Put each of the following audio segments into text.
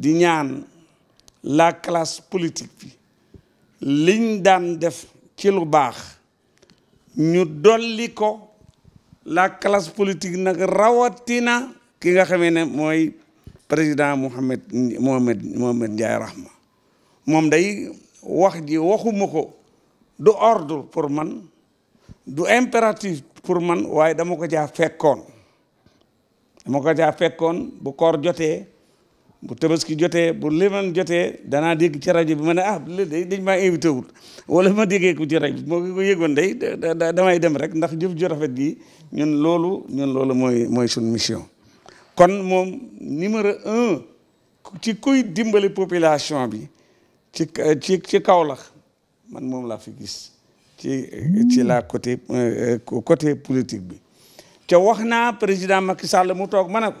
di ñaan la classe politique bi liñ daan def ci lu baax ñu dolli ko la classe politique nag rawatina ki nga xamee ne mooy président Mouhamed Mohamed Mohamed Rahma moom day wax ji waxuma ko du ordre pour man du impératif pour man waaye dama ko caa fekkoon dama ko caa fekkoon bu koor jotee bu tabaski jotee bu liman jotee danaa dégg ci rajo bi ma ne ah léegi dañ maa invité wul wala ma déggee ko ci rajo bi moo ko yëgoon day damay dem rek ndax jëf ju rafet gi ñun loolu ñun loolu mooy mooy suñ mission. kon moom numéro un ci kuy dimbali population bi ci ci ci Kaolack man moom laa fi gis ci ci la côté euh, euh, côté politique bi te wax naa président Macky Sall mu toog ma ne ko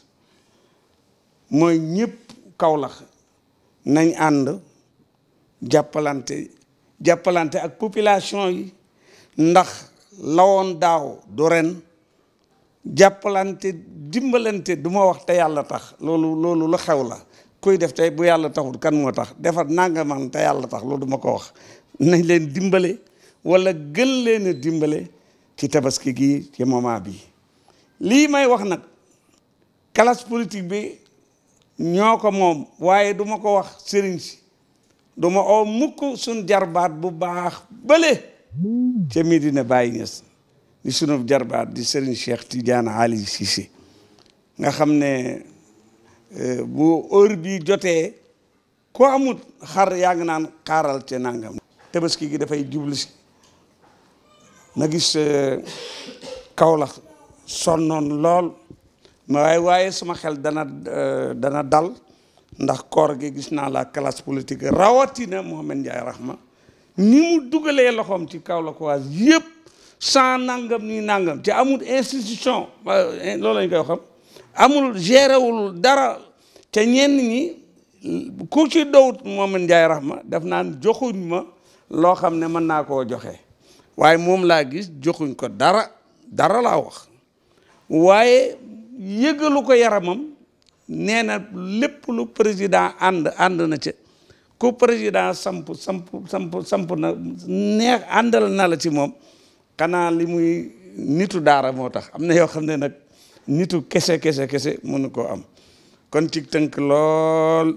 mooy ñëpp la nañ ànd jàppalante jàppalante ak population yi ndax lawoon daaw du ren jàppalante dimbalante du ma wax te yàlla tax loolu loolu lu xew la kuy def tey bu yàlla taxul kan moo tax defar nanga te yàlla tax loolu duma ko wax nañ leen dimbale wala gën leen dimbale ci tabaski gi ci moment bi lii may wax nag classe politique bi ñoo ko moom waaye duma ko wax sëriñ si duma oo mukk suñ jarbaat bu baax bële ca Medina Baye Niass di sunu jarbaat di sëriñ Cheikh Tidiane Ali Cissé nga xam ne eh, bu heure bi jotee ko amut xar yaa ngi naan xaaral te nangam tabaski gi dafay jublu si na gis eh, Kaolack sonnoon lool waaye waaye suma xel dana euh, dana dal ndax koor gi gis naa la classe politique rawatina Mouhamed Ndiaye Rahma ni mu dugalee loxoom ci kaw la ko waas yëpp sans nangam ni nangam te amul institution euh, eh, loolu lañ koy xam amul gérewul dara te ñenn ñi ku ci dowut Mouhamed Ndiaye Rahma def naan joxuñ ma loo xam ne mën naa koo joxe waaye moom laa gis joxuñ ko dara dara laa wax waaye yëgalu ko yaramam nee na lépp lu président ànd ànd na ci ku président samp samp samp samp na neex àndal na la ci moom xanaa li muy nitu daara moo tax am na yoo xam ne nag nitu kese kese kese mënu koo am kon ci tënk lool